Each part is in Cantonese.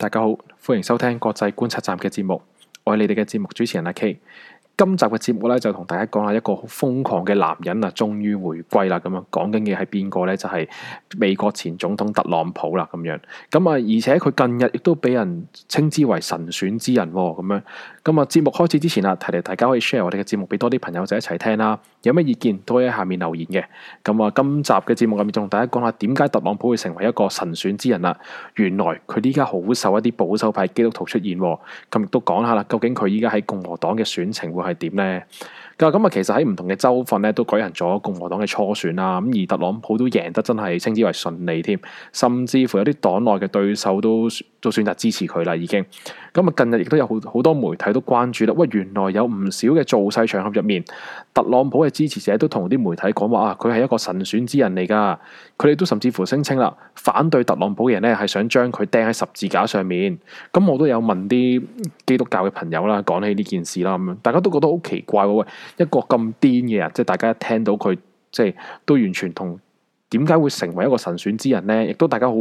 大家好，歡迎收聽國際觀察站嘅節目，我係你哋嘅節目主持人阿 K。今集嘅節目咧，就同大家講下一個好瘋狂嘅男人啊，終於回歸啦咁樣。講緊嘅係邊個呢？就係美國前總統特朗普啦，咁樣。咁啊，而且佢近日亦都俾人稱之為神選之人，咁樣。咁啊，節目開始之前啊，提提大家可以 share 我哋嘅節目俾多啲朋友仔一齊聽啦。有咩意見都可以喺下面留言嘅。咁啊，今集嘅節目咁，同大家講下點解特朗普會成為一個神選之人啦。原來佢呢家好受一啲保守派基督徒出現。咁亦都講下啦，究竟佢依家喺共和黨嘅選情會？係點呢？咁啊，其實喺唔同嘅州份咧，都舉行咗共和黨嘅初選啦。咁而特朗普都贏得真係稱之為順利添，甚至乎有啲黨內嘅對手都都選擇支持佢啦，已經。咁啊！近日亦都有好好多媒體都關注啦。喂，原來有唔少嘅造勢場合入面，特朗普嘅支持者都同啲媒體講話啊，佢係一個神選之人嚟㗎。佢哋都甚至乎聲稱啦，反對特朗普嘅人咧係想將佢釘喺十字架上面。咁、嗯、我都有問啲基督教嘅朋友啦，講起呢件事啦，咁、嗯、樣大家都覺得好奇怪喎。喂，一個咁癲嘅人，即係大家一聽到佢，即係都完全同點解會成為一個神選之人呢？亦都大家好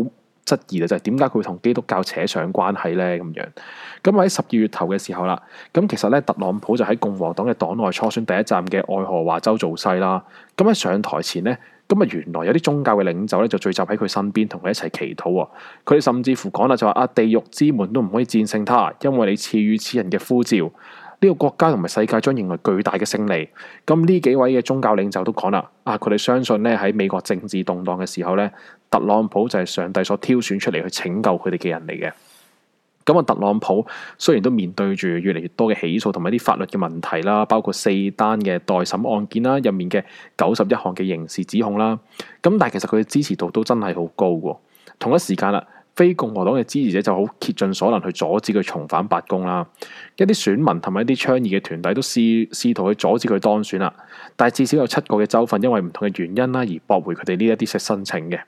質疑就係點解佢會同基督教扯上關係呢？咁樣，咁喺十二月頭嘅時候啦，咁其實咧特朗普就喺共和黨嘅黨內初選第一站嘅愛荷華州造勢啦，咁喺上台前咧，咁啊原來有啲宗教嘅領袖咧就聚集喺佢身邊，同佢一齊祈禱啊，佢甚至乎講啦就話啊地獄之門都唔可以戰勝他，因為你賜予此人嘅呼召，呢個國家同埋世界將迎來巨大嘅勝利。咁呢幾位嘅宗教領袖都講啦，啊，佢哋相信咧喺美國政治動盪嘅時候咧，特朗普就係上帝所挑選出嚟去拯救佢哋嘅人嚟嘅。咁、嗯、啊，特朗普雖然都面對住越嚟越多嘅起訴同埋啲法律嘅問題啦，包括四單嘅待審案件啦，入面嘅九十一項嘅刑事指控啦，咁但係其實佢嘅支持度都真係好高。同一時間啦。非共和黨嘅支持者就好竭盡所能去阻止佢重返白宮啦，一啲選民同埋一啲倡議嘅團體都試試圖去阻止佢當選啦。但係至少有七個嘅州份因為唔同嘅原因啦而駁回佢哋呢一啲申請嘅。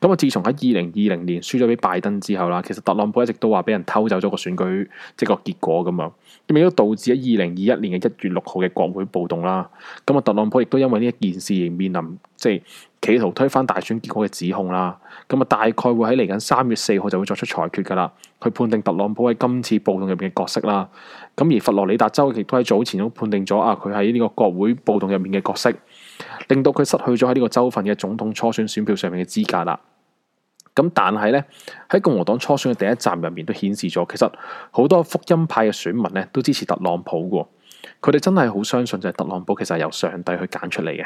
咁啊，自從喺二零二零年輸咗俾拜登之後啦，其實特朗普一直都話俾人偷走咗個選舉即係、就是、個結果咁啊，咁亦都導致喺二零二一年嘅一月六號嘅國會暴動啦。咁啊，特朗普亦都因為呢一件事而面臨即係企圖推翻大選結果嘅指控啦，咁啊大概會喺嚟緊三月四號就會作出裁決噶啦，去判定特朗普喺今次暴動入邊嘅角色啦。咁而佛羅里達州亦都喺早前都判定咗啊，佢喺呢個國會暴動入面嘅角色，令到佢失去咗喺呢個州份嘅總統初選選票上面嘅資格啦。咁但係呢，喺共和黨初選嘅第一站入面都顯示咗，其實好多福音派嘅選民呢都支持特朗普嘅，佢哋真係好相信就係特朗普其實係由上帝去揀出嚟嘅。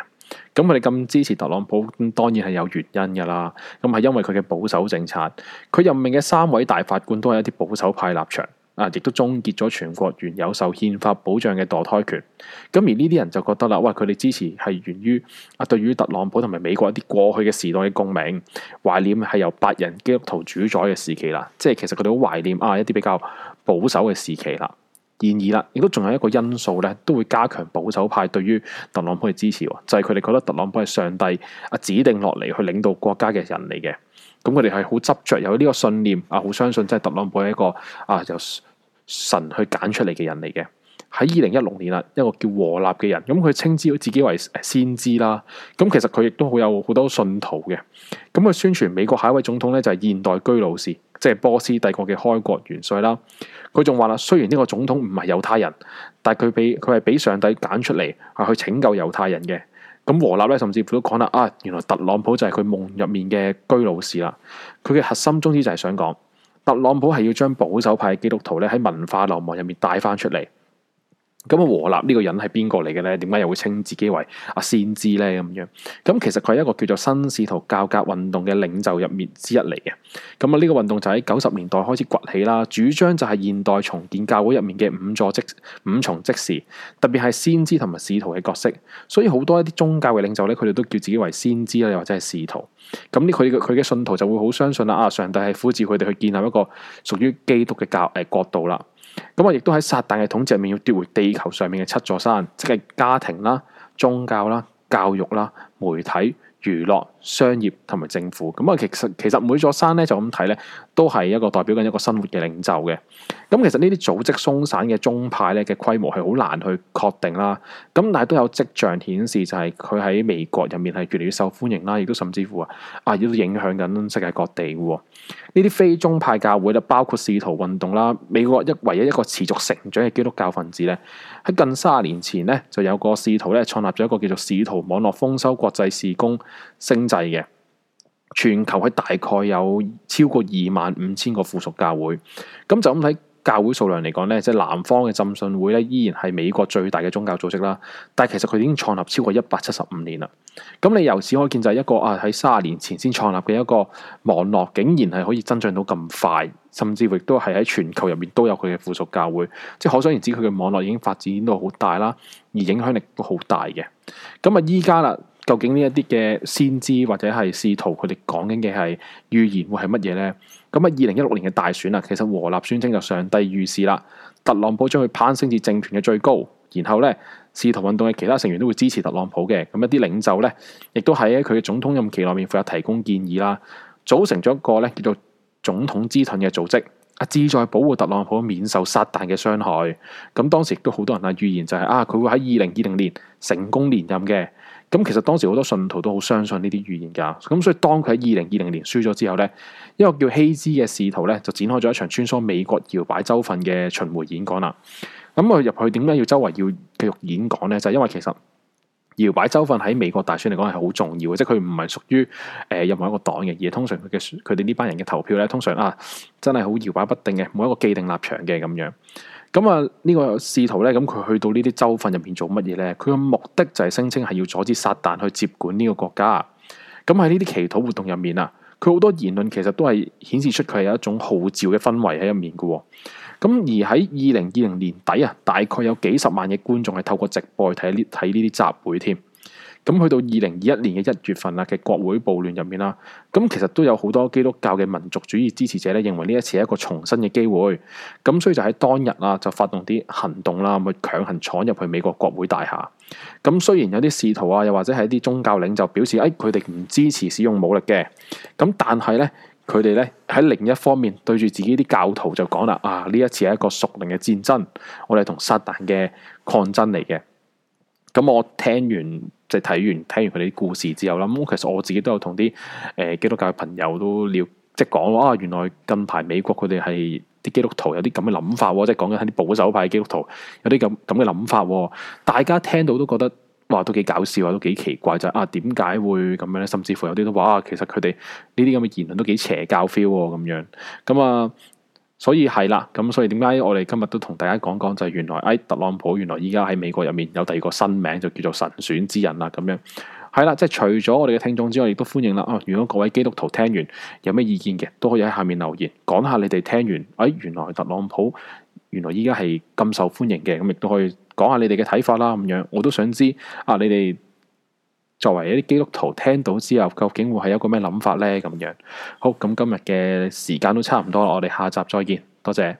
咁佢哋咁支持特朗普，當然係有原因噶啦。咁係因為佢嘅保守政策，佢任命嘅三位大法官都係一啲保守派立場，啊，亦都終結咗全國原有受憲法保障嘅墮胎權。咁而呢啲人就覺得啦，哇，佢哋支持係源於啊，對於特朗普同埋美國一啲過去嘅時代嘅共鳴，懷念係由白人基督徒主宰嘅時期啦。即係其實佢哋好懷念啊，一啲比較保守嘅時期啦。然而啦，亦都仲有一個因素咧，都會加強保守派對於特朗普嘅支持喎，就係佢哋覺得特朗普係上帝啊指定落嚟去領導國家嘅人嚟嘅。咁佢哋係好執着有呢個信念啊，好相信即係特朗普係一個啊由神去揀出嚟嘅人嚟嘅。喺二零一六年啊，一個叫和立嘅人，咁佢稱之自己為先知啦。咁其實佢亦都好有好多信徒嘅。咁佢宣傳美國下一位總統咧就係現代居魯士。即係波斯帝國嘅開國元帥啦，佢仲話啦，雖然呢個總統唔係猶太人，但係佢俾佢係俾上帝揀出嚟，係去拯救猶太人嘅。咁和立咧，甚至乎都講啦，啊，原來特朗普就係佢夢入面嘅居魯士啦。佢嘅核心宗旨就係想講，特朗普係要將保守派基督徒咧喺文化流氓入面帶翻出嚟。咁啊，和立呢個人係邊個嚟嘅咧？點解又會稱自己為阿先知咧？咁樣咁，其實佢係一個叫做新使徒改革運動嘅領袖入面之一嚟嘅。咁啊，呢個運動就喺九十年代開始崛起啦，主張就係現代重建教會入面嘅五座即五重即事，特別係先知同埋使徒嘅角色。所以好多一啲宗教嘅領袖咧，佢哋都叫自己為先知啦，又或者係使徒。咁佢嘅佢嘅信徒就會好相信啦。啊，上帝係呼召佢哋去建立一個屬於基督嘅教誒、呃、國度啦。咁啊，亦都喺撒旦嘅統治入面要奪回地球上面嘅七座山，即係家庭啦、宗教啦、教育啦、媒體。娛樂、商業同埋政府，咁啊，其實其實每座山咧，就咁睇咧，都係一個代表緊一個生活嘅領袖嘅。咁其實呢啲組織鬆散嘅宗派咧嘅規模係好難去確定啦。咁但係都有跡象顯示就係佢喺美國入面係越嚟越受歡迎啦，亦都甚至乎啊啊亦都影響緊世界各地嘅喎。呢啲非宗派教會就包括使徒運動啦。美國一唯一一個持續成長嘅基督教分子咧，喺近三十年前咧就有個使徒咧創立咗一個叫做使徒網絡豐收國際事工。星際嘅，全球係大概有超過二萬五千個附屬教會，咁就咁睇教會數量嚟講咧，即係南方嘅浸信會咧，依然係美國最大嘅宗教組織啦。但係其實佢已經創立超過一百七十五年啦。咁你由此可見就係一個啊喺三十年前先創立嘅一個網絡，竟然係可以增長到咁快，甚至亦都係喺全球入面都有佢嘅附屬教會，即係可想而知佢嘅網絡已經發展到好大啦，而影響力都好大嘅。咁啊，依家啦。究竟呢一啲嘅先知或者係使徒，佢哋講緊嘅係預言會係乜嘢呢？咁啊，二零一六年嘅大選啊，其實和立宣稱就上帝預示啦，特朗普將去攀升至政權嘅最高，然後咧使徒運動嘅其他成員都會支持特朗普嘅。咁一啲領袖咧，亦都喺佢嘅總統任期內面會有提供建議啦，組成咗一個咧叫做總統之盾嘅組織，啊，志在保護特朗普免受撒旦嘅傷害。咁當時亦都好多人啊預言就係、是、啊，佢會喺二零二零年成功連任嘅。咁其實當時好多信徒都好相信呢啲預言噶，咁所以當佢喺二零二零年輸咗之後呢，一個叫希斯嘅仕途呢，就展開咗一場穿梭美國搖擺州份嘅巡迴演講啦。咁佢入去點解要周圍要繼續演講呢？就係、因為其實搖擺州份喺美國大選嚟講係好重要嘅，即係佢唔係屬於誒任何一個黨嘅，而通常佢嘅佢哋呢班人嘅投票呢，通常啊真係好搖擺不定嘅，冇一個既定立場嘅咁樣。咁啊，呢個試圖咧，咁佢去到呢啲州份入面做乜嘢咧？佢嘅目的就係聲稱係要阻止撒旦去接管呢個國家。咁喺呢啲祈禱活動入面啊，佢好多言論其實都係顯示出佢係有一種號召嘅氛圍喺入面嘅。咁而喺二零二零年底啊，大概有幾十萬嘅觀眾係透過直播去睇呢睇呢啲集會添。咁去到二零二一年嘅一月份啊嘅國會暴亂入面啦，咁其實都有好多基督教嘅民族主義支持者咧，認為呢一次係一個重新嘅機會。咁所以就喺當日啊，就發動啲行動啦，去強行闖入去美國國會大廈。咁雖然有啲仕途啊，又或者係啲宗教領袖表示，誒佢哋唔支持使用武力嘅。咁但係咧，佢哋咧喺另一方面對住自己啲教徒就講啦，啊呢一次係一個屬靈嘅戰爭，我哋同撒旦嘅抗爭嚟嘅。咁我聽完。即係睇完聽完佢哋啲故事之後啦，咁其實我自己都有同啲誒基督教嘅朋友都聊，即係講話啊，原來近排美國佢哋係啲基督徒有啲咁嘅諗法喎，即係講緊係啲保守派基督徒有啲咁咁嘅諗法喎，大家聽到都覺得哇，都幾搞笑、就是、啊，都幾奇怪就啊，點解會咁樣咧？甚至乎有啲都話啊，其實佢哋呢啲咁嘅言論都幾邪教 feel 喎，咁樣咁、嗯、啊。所以係啦，咁所以點解我哋今日都同大家講講就係原來誒、哎、特朗普原來依家喺美國入面有第二個新名就叫做神選之人啦咁樣，係啦，即係除咗我哋嘅聽眾之外，亦都歡迎啦。啊，如果各位基督徒聽完有咩意見嘅，都可以喺下面留言講下你哋聽完誒、哎、原來特朗普原來依家係咁受歡迎嘅，咁亦都可以講下你哋嘅睇法啦咁樣，我都想知啊你哋。作為一啲基督徒聽到之後，究竟會係一個咩諗法咧？咁樣好，咁今日嘅時間都差唔多啦，我哋下集再見，多謝。